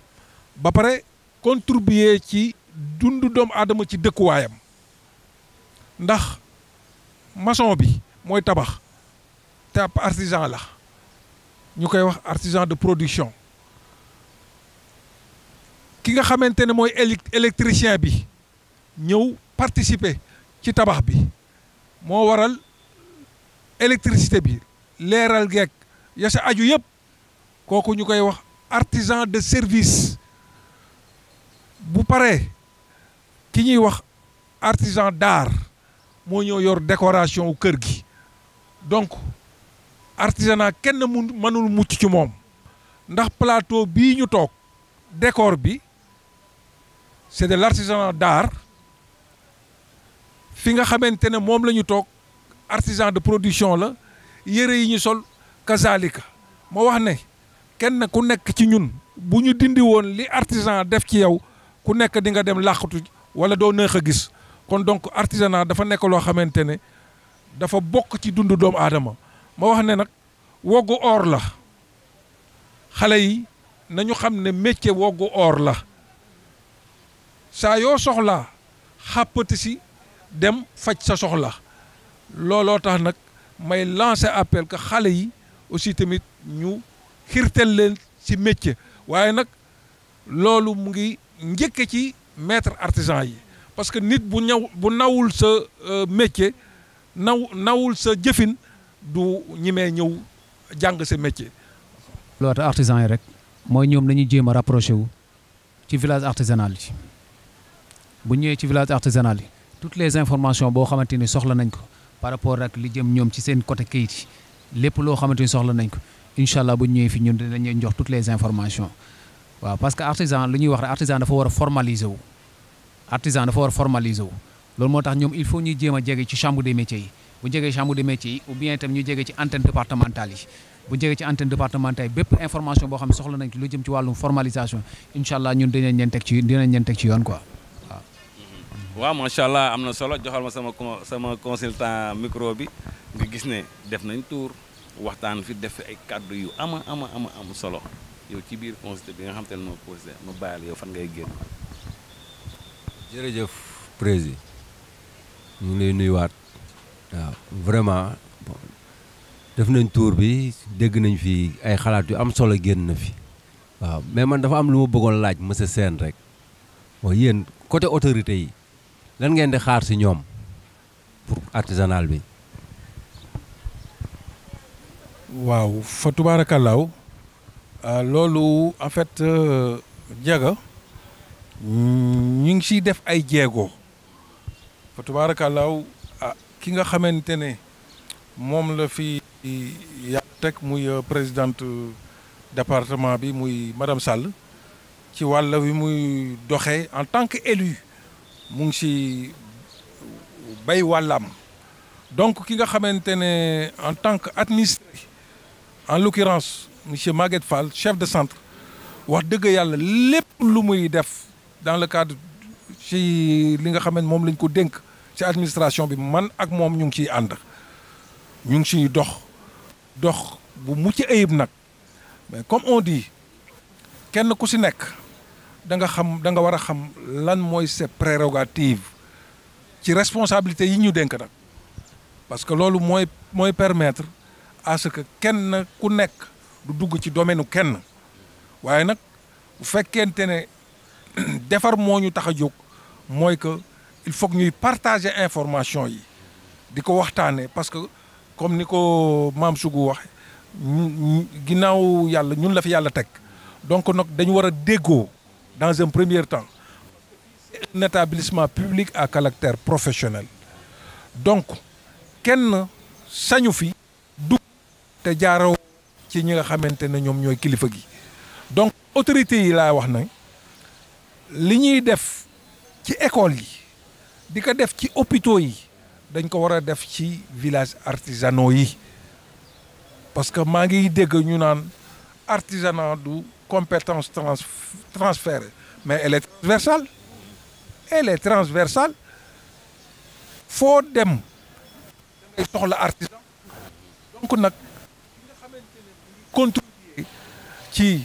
ba pare contribuer ci dundu doomu aadama ci dëkkuwaayam ndax mason bi mooy tabax étape artisan là. ñu koy wax artisan de production ki nga xamante ne électricien bi nous participer ci tabax bi Mo waral électricité bi l'air geeg ya sa aju yëpp kooku ñu koy wax artisan de service bu paree ki ñuy wax artisan d'art moo ñëw yor décoration ou kër gi donc artisanat kenn mu mënul mucc ci moom ndax plateau bii ñu toog décor bi c'est de l'artisanat d'art fi nga xamante ne moom la ñu toog artisan de production la yére yi ñu sol kazalika moo wax ne kenn ku nekk ci ñun bu ñu dindi woon li artisan def ci yow ku nekk di nga dem làqatu wala doo neex a gis kon donc artisanat dafa nekk loo xamante ne dafa bokk ci dundu doomu aadama ma wax ne nag woggu or la xale yi nañu xam ne métier woggu or la saa yoo soxlaa xàppati si dem faj sa soxla looloo tax nag may lancer appel que xale yi aussi tamit ñu xirtal leen si métier waaye nag loolu mu ngi njëkke ci maître artisan yi parce que nit bu ñaw bu nawul sa euh, métier naw nawul sa jëfin du ñimee ñëw jàng si métier. loolu tax artisan yi rek mooy ñoom nañu jéem a rapproché wu ci village artisanal yi bu ñëwee ci village artisanal yi toutes les informations boo xamante ni soxla nañ ko par rapport ak li jëm ñoom ci seen côté kayit yi lépp loo xamante ni soxla nañ ko incha allah bu ñëwee fi ñun dinañ leen jox toutes les informations waaw parce que artisan li ñuy wax rek artisan dafa war a formaliser wu artisan dafa war a formaliser wu loolu moo tax ñoom il faut ñuy jéem a jege ci chambre des métiers yi. bu jegee chambre de métier yi ou bien itam ñu jege ci antenne départementale yi bu jege ci antenne départementale yi bépp information boo xam ne soxla nañ ci lu jëm ci wàllum formalisation incha allah ñun dina leen teg ci dinañ leen teg yoon quoi waaw. Mm-hmm. waaw macha allah am na solo joxal ma sama sama consultant micro bi nga gis ne def nañ tour waxtaan fi def ay kàddu yu ama ama ama am solo yow ci biir constat bi nga xam te ne moo posé ma bàyyi la yow fan ngay génn. jërëjëf président ñu ngi lay nuyuwaat. waaw vraiment def nañ tuur bi dégg nañ fii ay xalaat yu am solo génn na fi waaw mais man dafa am lu ma bëggoon laaj monsieur seen rek waaw yéen côté autorité yi lan ngeen di xaar si ñoom pour artisanal bi. waaw fa tubaarakallaaw euh, loolu en fait jaga euh, ñu ngi siy def ay jéego fa tubaarakallaaw ki nga xamante ne moom la fi yàlla teg muy euh, présidente euh, département bi muy madame Sall ci wàll wi muy doxee en tant que élu mu ngi ci bay wàllam donc ki nga xamante en tant que administré en l'occurrence monsieur Maguette Fall chef de centre wax dëgg yàlla lépp lu muy def dans le cadre ci li nga xamante moom lañ ko dénk ci administration bi man ak mom ñu ngi ci and ñu ngi ci dox dox bu mucc ayib nak mais comme on dit kenn ku ci nek da nga xam da nga wara xam lan moy ses prérogatives ci responsabilité yi ñu denk nak parce que lolu moy moy permettre à ce que kenn ku nek du dugg ci domaine kenn waye nak bu defar moñu taxajuk moy a que il faut que nous partagions information yi parce que comme nous ko maam Sougou wax nous avons ñun la fi donc nous avons war dégo dans un premier temps un établissement public à caractère professionnel donc kenn sañu fi dugg te jaaraw ci ñi nga xamantene ne ñoy kilifa gi donc autorité yi la wax na li ñuy def ci école yi di ko def ci hôpitaux yi dañ ko war a def ci village artisanaux parce que maa ngi dégg ñu naan artisanat du compétence trans mais elle est transversale elle est transversale foo dem dangay soxla artisan donc on a contribué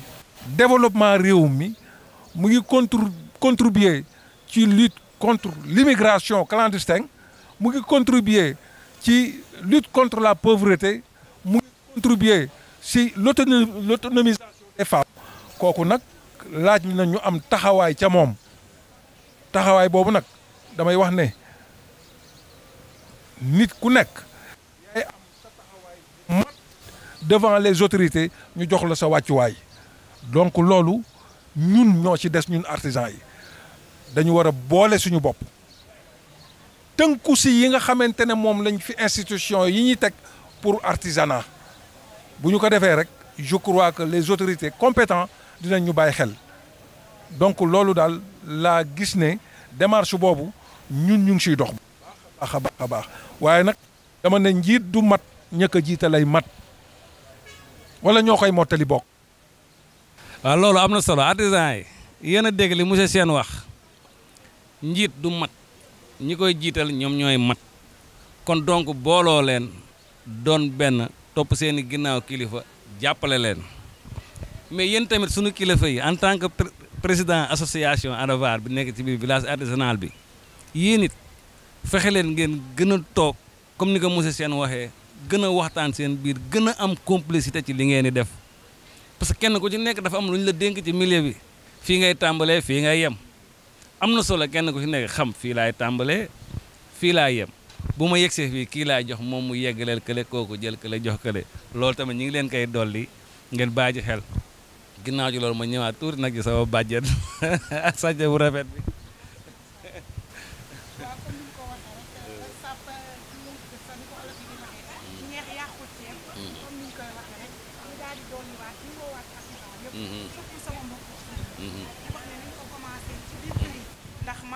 développement réew mi mu ngi contribuer ci lutte contre l'immigration clandestine qui contribue contribuer lutte contre la pauvreté qui contribuer l'autonomisation des femmes Nous avons laaj ñu am wax devant les autorités ñu jox la sa donc ñun des artisans dañu war a boole suñu bopp tënku si yi nga xamante ne moom lañ fi institution yi ñuy teg pour artisanat bu ñu ko defee rek je crois que les autorités compétentes dinañ ñu bàyyi xel donc loolu daal laa gis ne démarche boobu ñun ñu ngi siy dox. baax a baax a baax dama ne njiit du mat ñëkk jiite lay mat wala ñoo koy mottali bokk. waaw loolu am na solo artisan yi yéen dégg li monsieur Sène wax. njiit du mat ñi koy jiital ñoom ñooy mat kon donc booloo leen doon benn topp seeni ginnaaw kilifa jàppale leen mais yéen tamit suñu kilifa yi en tant que président asociation Andavar bi nekk ci biir village artisanal bi yéen it fexe leen ngeen gën a toog comme ni ko monsieur seen waxee gën a waxtaan seen biir gën a am complicité ci li ngeen di def parce que kenn ku ci nekk dafa am lu ñu la dénk ci milieu bi fii ngay tàmbalee fii ngay yem am na solo kenn ku ci nekk xam fii laay tàmbalee fii laay yem bu ma yegsee fii kii laay jox moom mu yeggaleel kële kooku jël kële jox kële loolu tamit ñu ngi leen koy dolli ngeen bàyyi xel ginnaaw ji loolu ma ñëwaat tuuti nag ci sama bàjjen sàcc bu rafet bi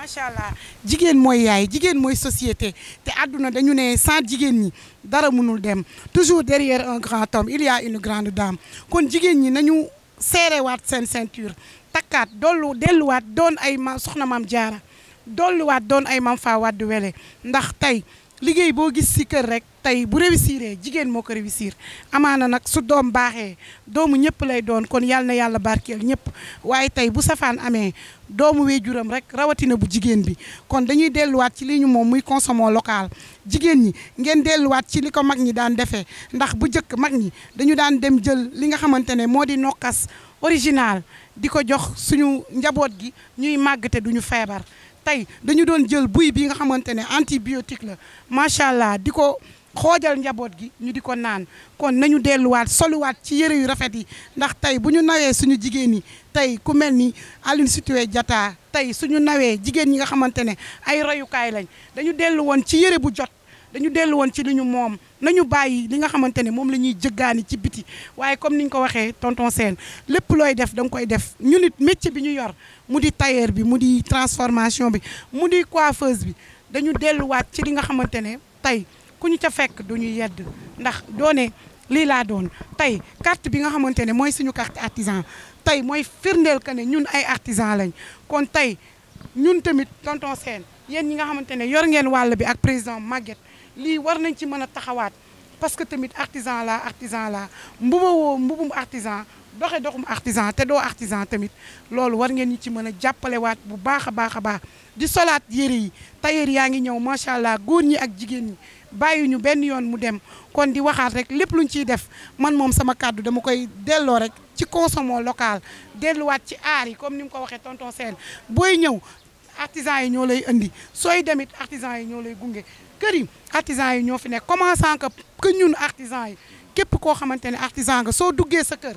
macha allah jigéen mooy yaay jigéen mooy société te àdduna dañu ne sans jigéen ñi dara mënul dem toujours derrière un grand homme il y une grande dame kon jigéen ñi nañu seerewaat seen ceinture takkaat dollu delluwaat doon ay ma soxna maam jaara dolluwaat doon ay maam faa wàddu wele ndax tey liggéey boo gis si kër rek tey bu réussir jigéen moo ko réussir amaana nag su doom baaxee doomu ñëpp lay doon kon yal na yàlla barkeel ñëpp waaye tey bu safaan amee doomu wejuram rek rawatina bu jigéen bi kon dañuy delluwaat ci li ñu moom muy consommons local jigéen ñi ngeen delluwaat ci li ko mag ñi daan defee ndax bu njëkk mag ñi dañu daan dem jël li nga xamante ne moo di nokkas original di ko jox suñu njaboot gi ñuy màgg te duñu feebar tey dañu doon jël buy bi nga xamante ne antibiotique la macha allah di ko xoojal njaboot gi ñu di ko naan kon nañu delluwaat soluwaat ci yëre yu rafet yi ndax tey bu ñu nawee suñu jigéen ñi tey ku mel ni Aline Sitoé Diatta tey suñu nawee jigéen ñi nga xamante ne ay rayukaay lañ dañu dellu ci yëre bu jot dañu dellu woon ci li ñu moom nañu bàyyi li nga xamante ne moom la ñuy jëggaani ci biti waaye comme ni ñu ko waxee tonton Sène lépp looy def da nga koy def ñun nit métier bi ñu yor mu di tailleur bi mu di transformation bi mu di coiffeuse bi dañu delluwaat ci li nga xamante ne tey ku ñu ca fekk du ñu yedd ndax doone lii laa doon tey carte bi nga xamante ne mooy suñu carte artisan tey mooy firndeel que ne ñun ay artisan lañ kon tey ñun tamit tonton Sène yéen ñi nga xamante ne yor ngeen wàll bi ak président Maguette lii war nañ ci mën a taxawaat parce que tamit artisan la artisan la mbuba woo mbubum artisan doxe doxum artisan te doo artisan tamit loolu war ngeen ñu ci mën a jàppalewaat bu baax a baax a baax di solaat yére yi tailleur yaa ngi ñëw macha allah góor ñi ak jigéen ñi bàyyi ñu benn yoon mu dem kon di waxaat rek lépp luñ ciy def man moom sama kàddu dama koy delloo rek ci consommation local delluwaat ci aar yi comme ni mu ko waxee tonton Sène booy ñëw artisan yi ñoo lay indi sooy demit artisan yi ñoo lay gunge Karim artisan yi ñoo fi nekk commençant que que ñun artisan yi képp koo xamante ne artisan nga soo duggee sa kër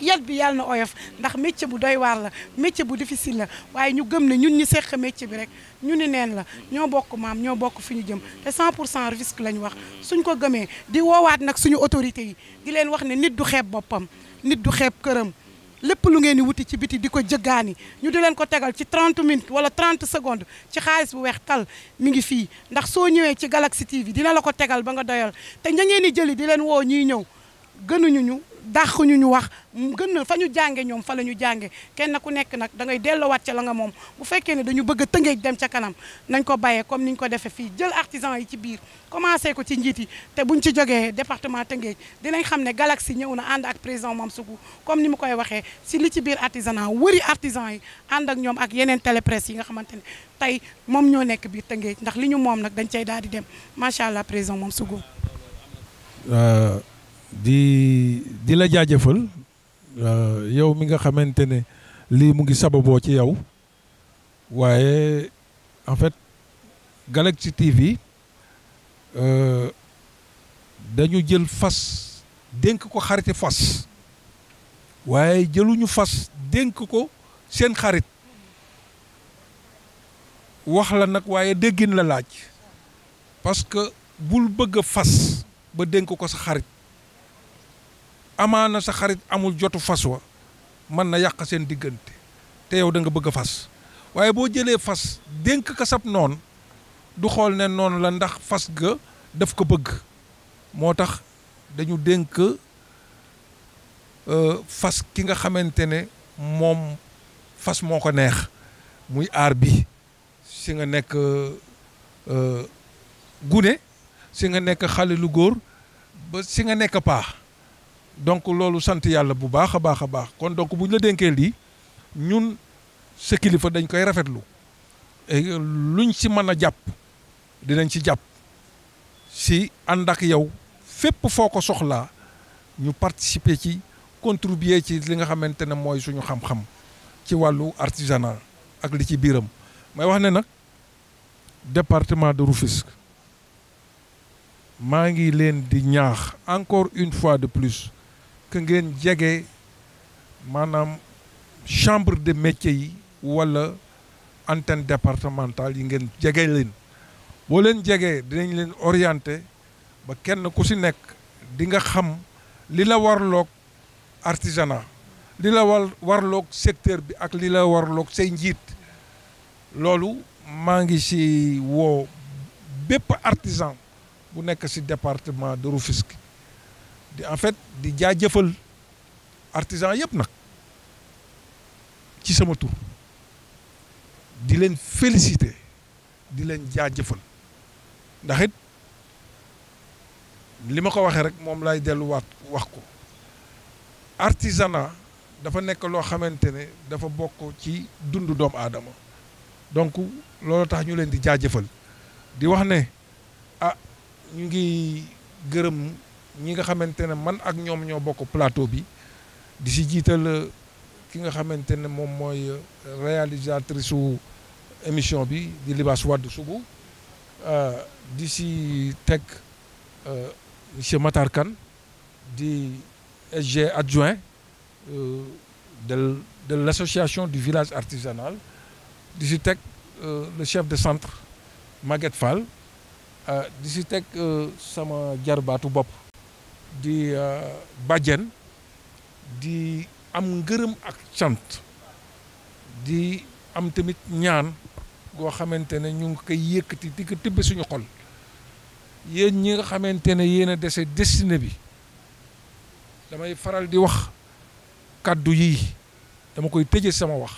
yet bi yàlla na oyof ndax métier bu doy waar la métier bu difficile la waaye ñu gëm ne ñun ñi seq métier bi rek ñu ni neen la ñoo bokk maam ñoo bokk fi ñu jëm te 100 pour cent risque lañu wax suñ ko gëmee di woowaat nag suñu autorité yi di leen wax ne nit du xeeb boppam nit du xeeb këram lépp lu ngeen di wuti ci biti di ko jëggaani ñu di leen ko tegal ci 30 minutes wala 30 secondes ci xaalis bu weex tal mi ngi fii ndax soo ñëwee ci Galaxy TV dina la ko tegal ba nga doyal te ña ngeen di jëli di leen woo ñuy ñëw gënuñu ñu dàquñu ñu ñu wax gën na fa ñu jànge ñoom fa la ñu jànge kenn ku nekk nag da ngay delloowaat ca la nga moom bu fekkee ne dañu bëgg a tëngeej dem ca kanam nañ ko bàyyee comme niñ ko defee fii jël artisan yi ci biir commencé ko ci njiit yi te buñ ci jógee département tëngeej dinañ xam ne galaxi ñëw na ànd ak président moom Sougou comme ni mu koy waxee si li ci biir artisanat wëri artisan yi ànd ak ñoom ak yeneen télépresse yi nga xamante ne tey moom ñoo nekk biir tëngéej ndax li ñu moom nag dañ cay daal di dem macha allah président moom Sougou euh, di di la jaajëfal yow mi nga xamante ne lii mu ngi sababoo ci yow waaye en fait Galaxy TV euh, dañu jël fas dénk ko xariti fas waaye jëluñu fas dénk ko seen xarit wax la nag waaye déggin la laaj parce que bul bëgg a fas ba dénk ko sa xarit amaana sa xarit amul jotu faswa, wa mën na yak sen digeunte te yow da nga bëgg fas waye kasap non, fas denk ko sab du xol ne non la ndax fas ga daf ko bëgg motax dengke, denk euh fas ki nga xamantene mom fas moko neex muy arbi, bi si nga euh gune si nga nek xale lu góor ba si nga nek pa donc loolu sant yàlla bu baax a baax a baax kon donc bu ñu la dénkee lii ñun sa kilifa dañ koy rafetlu luñ ci mën a jàpp dinañ ci jàpp si ànd ak yow fépp foo ko soxlaa ñu participer ci contribuer ci li nga xamante ne mooy suñu xam-xam ci wàllu artisanat ak li ci biiram may wax ne nag département de Rufisque maa ngi leen di ñaax encore une fois de plus que ngeen jege maanaam chambre de métier yi wala antenne départementale yi ngeen jege leen boo leen jegee dinañ leen orienté ba kenn ku si nekk di nga xam li la warlook artisanat li la war warloog secteur bi ak li la warloog say njiit loolu maa ngi si woo bépp artisan bu nekk si département de Rufisque di en fait di jaajëfal artisan yëpp nag ci sama tur di leen féliciter di leen jaajëfal ndax it li ma ko waxee rek moom lay delluwaat wax ko artisana dafa nekk loo xamante ne dafa bokk ci dundu doomu aadama donc loolu tax ñu leen di jaajëfal di wax ne ah ñu ngi gërëm. ñi nga xamante ne man ak ñoom ñoo bokk plateau bi di si jiital euh, ki nga xamante ne moom mooy euh, réalisatrice émission bi di Libaas Wade Sougou euh, di si teg monsieur Matar di SG adjoint de de l' association du village artisanal di si teg le chef de centre Maguette Fall di si teg sama jarbaatu bopp di euh, bàjjen di am ngërëm ak cant di am tamit ñaan goo xamante ne ñu ngi koy yëkkati di ko tibb suñu xol yéen ñi nga xamante ne yéen a dese destiné bi damay faral di wax kàddu yi dama koy tëje sama wax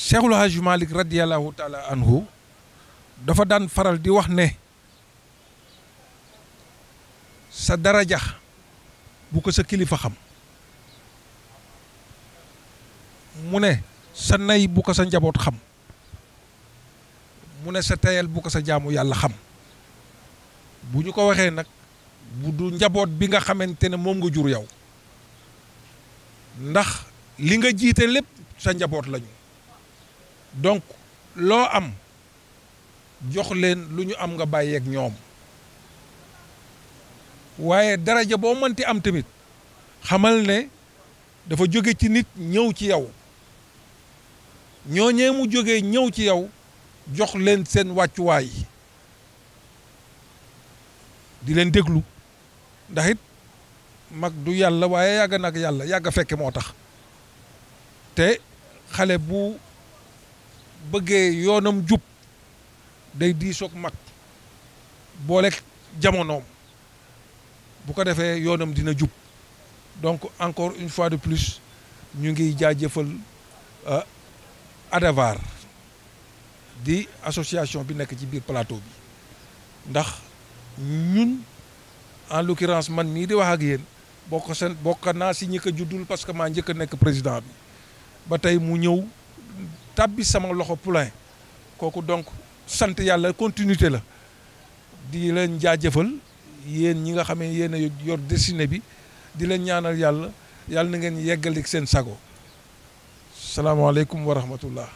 Cheikhul Hajj Malik radiyallahu taala anhu dafa daan faral di wax ne sa daraja bu ko sa kilifa xam mu ne sa nay bu ko sa njaboot xam mu ne sa tayal bu ko sa jaamu yàlla xam bu ñu ko waxee nag bu du njaboot bi nga xamante ne moom nga jur yow ndax li nga jiite lépp sa njaboot lañu donc loo am jox leen lu ñu am nga bàyyeeg ñoom waaye daraja boo mënti am tamit xamal ne dafa jóge ci nit ñëw ci yow ñooñee mu jógee ñëw ci yow jox leen seen wàccuwaay di leen déglu ndax it mag du yàlla waaye yàgg nag yàlla yàgg fekke moo tax te xale bu bëggee yoonam jub day diisoog mag boole jamonoom bu ko defee yoonam dina jub donc encore une fois de plus ñu ngi jaajëfal euh, ADAVAR di association bi nekk ci biir plateau bi ndax ñun en l'occurrence man mii di wax ak yéen bokk sen bokk naa si ñi a juddul parce que maa njëkk a nekk président bi ba tey mu ñëw tabbi sama loxo poulain kooku donc sant yàlla continuité la di leen jaajëfal yéen ñi nga xam ne yéen a yor destinée bi di leen ñaanal yàlla yàlla na ngeen yeggalik seen sago salaamaaleykum wa rahmatullah.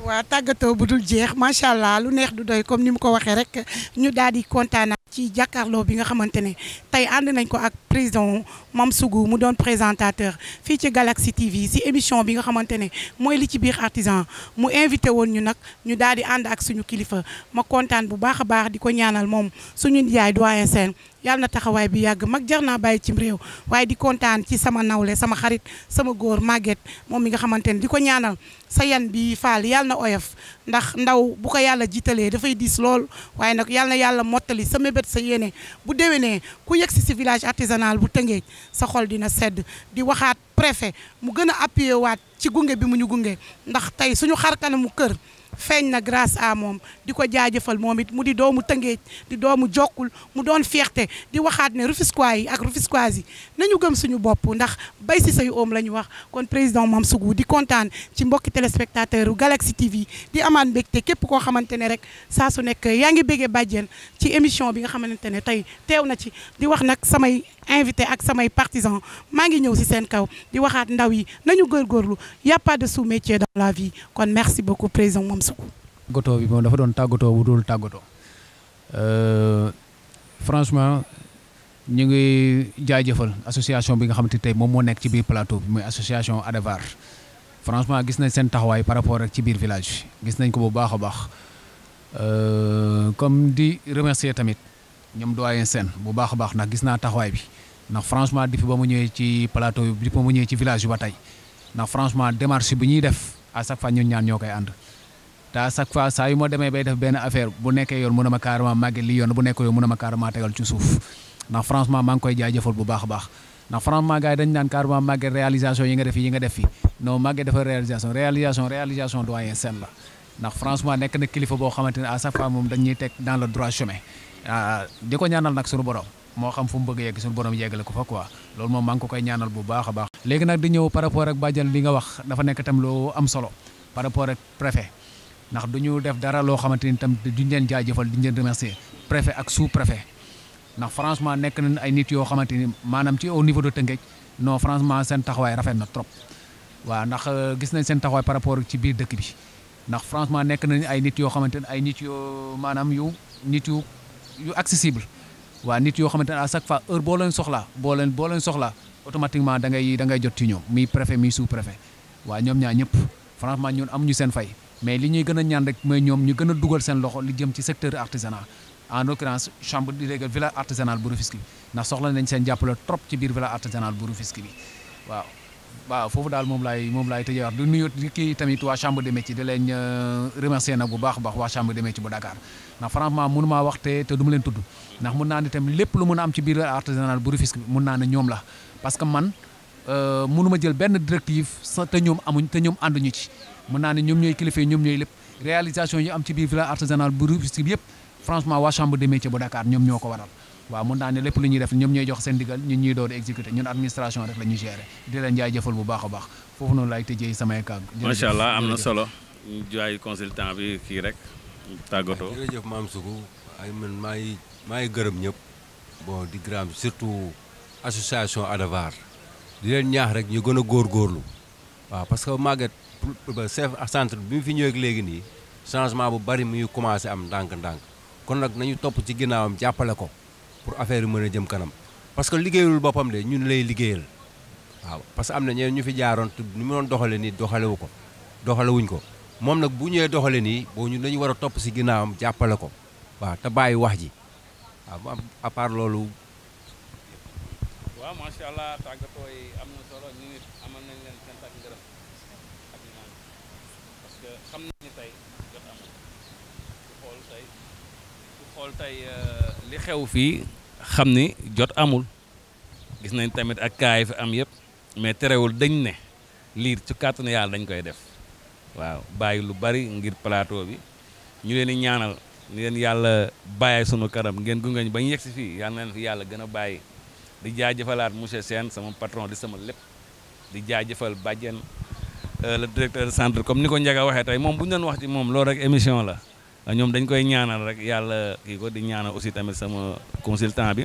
waa tàggatoo bu dul jeex macha allah lu neex du doy comme ni mu ko waxee rek ñu daal di kontaan ci jàkkaarloo bi nga xamante ne tey ànd nañ ko ak président Mame sugu mu doon présentateur fii ci Galaxy TV si émission bi nga xamante ne mooy li ci biir artisan mu invité woon ñu nag ñu daal di ànd ak suñu kilifa ma kontaan bu baax a baax di ko ñaanal moom suñu yaay doyen seen yàlla na taxawaay bi yàgg mag jar naa bàyyi cim réew waaye di kontaan ci sama nawle sama xarit sama góor màgget moom mi nga xamante ne di ko ñaanal sa yan bi faal yàlla na oyof ndax ndaw bu ko yàlla jiitalee dafay diis lool waaye nag yàlla yàlla mottali sa mébét sa yéene bu déwénee ku yegg si si village artisanal bu Tëngéej sa xol dina sedd di waxaat préfet mu gën a appuyé waat ci gunge bi mu ñu gunge ndax tey suñu xar kanamu kër feeñ na grâce à moom di ko jaajëfal moom it mu di doomu Tëngéej di doomu Jokkul mu doon fierté di waxaat ne Rufisquois yi ak Rufisquoises yi ñu gëm suñu bopp ndax bay si say oom lañ wax kon président mam Sougou di contane ci mbokki téléspectateur Galaxy TV di amane mbégte képp ko xamante rek sa su nek yaa ngi béggee bàjjeen ci émission bi nga xamante tay tey na ci di wax nak samay invité ak samay partisan ma ngi ñëw ci sen kaw di waxat ndaw yi nañu góorgóorlu y a pas de sous-métier dans la vie kon merci beaucoup président mam Sougou. goto bi moom dafa doon tagoto bu tagoto euh franchement. ñu ngi jaajëfal association bi nga xamante ni tey moom moo nekk ci biir plateau bi muy association Adevar franchement gis nañ par rapport ak ci biir village gis nañ ko bu baax a baax euh, comme di remercier tamit ñoom doyen seen bu baax a baax ndax gis naa taxawaay bi ndax franchement depuis ba mu ñëwee ci plateau bi depuis ba mu ñëwee ci village bi ba tey ndax franchement démarche bi ñuy def à chaque fois ñun ñaan ñoo koy ànd te à chaque fois saa yu ma demee bay def benn affaire bu nekkee yoon mën na ma bu nekkee yoon mën na ma ci suuf. ndax franchement maa ngi koy jaajëfal bu baax a baax ndax franchement gars yi dañu naan carrément Maguette réalisation yi nga def yi nga def fi non Maguette dafa réalisation réalisation doyen seen la ndax franchement nekk na kilifa boo xamante ne à chaque fois moom dañuy teg dans le droit chemin ah, di ko ñaanal nag suñu borom moo xam fu mu bëgg yegg suñu borom yeggale ko fa quoi loolu moom maa ngi ko koy ñaanal bu baax a baax léegi nag di ñëw par rapport ak nga wax dafa nekk tam loo am solo par rapport ak préfet ndax du ñu def dara loo xamante ni tam duñ leen jaajëfal duñ leen remercier préfet ak sous préfet ndax franchement nekk nañ ay nit yoo xamante ni maanaam ci au niveau de Tëngéej non franchement seen taxawaay rafet na trop waaw ndax euh, gis nañ seen taxawaay par rapport ci biir dëkk bi ndax franchement nekk nañ ay nit yoo xamante ne ay nit yoo maanaam yu nit yu yu accessible waaw nit yoo xamante ne à chaque fois heure boo leen soxlaa boo leen boo automatiquement da ngay da ngay jot ci ñoom mi préfet mi sous préfet waa ñoom ñaa ñëpp franchement ñun amuñu seen fay mais li ñuy gën a ñaan mooy ñoom ñu gën a dugal seen loxo li jëm ci secteur artisanat en l'occurrence chambre di régal village artisanal bu Rufisque bi ndax soxla nañ seen jàppale trop ci biir village artisanal bu Rufisque bi waaw waaw foofu daal moom laay moom laay tëjee wax du nuyu kii tamit waa chambre de ci di leen euh, remercier nag bu baax a baax waa chambre de métier bu Dakar ndax franchement mënu wax te te duma leen tudd ndax mun naa ne tamit lépp lu mun a am ci biir artisanal bu Rufisque bi mun naa ne ñoom la parce que man euh, mënu ma jël benn directive sa te ñoom amuñ te ñoom ànduñu ci mun naa ne ñoom ñooy kilifa ñoom ñooy lépp réalisation yi am ci biir village bu Rufisque yëpp franchement waa chambre de métier bu Dakar ñoom ñoo ko waral waaw mun naa ne lépp lu ñuy def ñoom ñooy jox seen digal ñun ñuy door exécuté ñun administration rek la ñuy gérer di leen jaajëfal bu baax a baax foofu noonu laay tëjee samay kàgg. macha allah am na solo. ñu jaay consultant bi kii rek. tàggatoo jërëjëf maam Sougou ay man maa ngi maa ngi gërëm ñëpp. bon di gërëm surtout association Adavar di leen ñaax rek ñu gën a góorlu waaw parce que Maguette chef centre bi mu fi ñëwee léegi nii changement bu bari mu ngi commencé am ndànk-ndànk. kon nak nañu top ci ginaawam jappalé ko pour affaire yi mën jëm kanam parce que liggéeyul bopam dé ñun lay liggéeyal waaw parce que amna ñeñ ñu fi jaaroon ni mu doon ni doxalé doxalewu ko wuñ ko mom nak bu ñëwé doxalé ni bo ñun dañu wara top ci ginaawam jappalé ko waaw ta bayyi wax ji waaw à part lolu waaw macha allah tàggatoo yi amna solo ñu nit amal nañ leen sant ak parce que xamna ni tay loolu tey euh, li xew fii xam ni jot amul gis nañ tamit ak kaay fi am yëpp mais terewul dañ ne liir ci kàttanu yàlla dañ koy def waaw bàyyi lu bari ngir plateau bi ñu leen di ñaanal ni leen yàlla bàyyi sunu kanam ngeen gungañ ba ñu yegg si fii yàlla na leen fi yàlla gën a bàyyi di jëfalaat monsieur Sène sama patron di sama lépp di jaajëfal bàjjen euh, le directeur de centre comme ni ko Ndiaga waxee tey moom bu ñu doon wax ci moom loolu rek émission la. Ah, ñoom dañ koy ñaanal rek yàlla kii ko di ñaanal aussi tamit sama consultant bi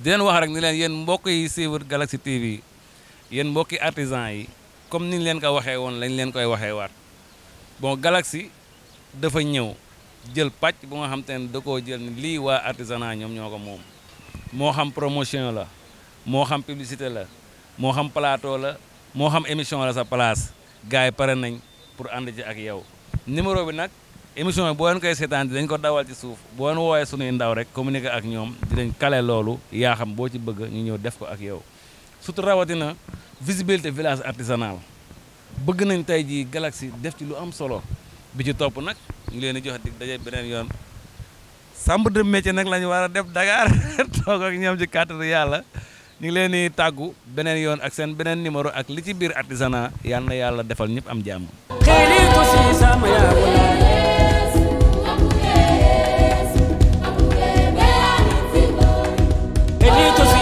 di leen wax rek ni leen yéen mbokk yi galaxi Galaxy TV yéen mbokki artisan yi comme ni leen ko waxee woon lañ leen koy waxee waat bon Galaxy dafa ñëw jël pàcc bu nga xam te ne da koo jël ni lii waa artisanat ñoom ñoo ko moom moo xam promotion la moo xam publicité la moo xam plateau la moo xam émission la sa place gars yi pare nañ pour ànd ci ak yow numéro bi nag émission bi boo leen koy seetaan dinañ ko dawal ci suuf boo leen woowee sunuy ndaw rek communiquer ak ñoom dinañ kale loolu yaa xam boo ci bëgg ñu ñëw def ko ak yow surtout rawatina visibilité village artisanal bëgg nañ tey jii galaxi def ci lu am solo bi ci topp nag ñu leen di jox dig daje beneen yoon chambre de métier nag la ñu war a def Dakar toog ak ñoom ci kàttanu yàlla ñu ngi leen di tàggu beneen yoon ak seen beneen numéro ak li ci biir artisanat yal na yàlla defal ñëpp am jàmm. Benito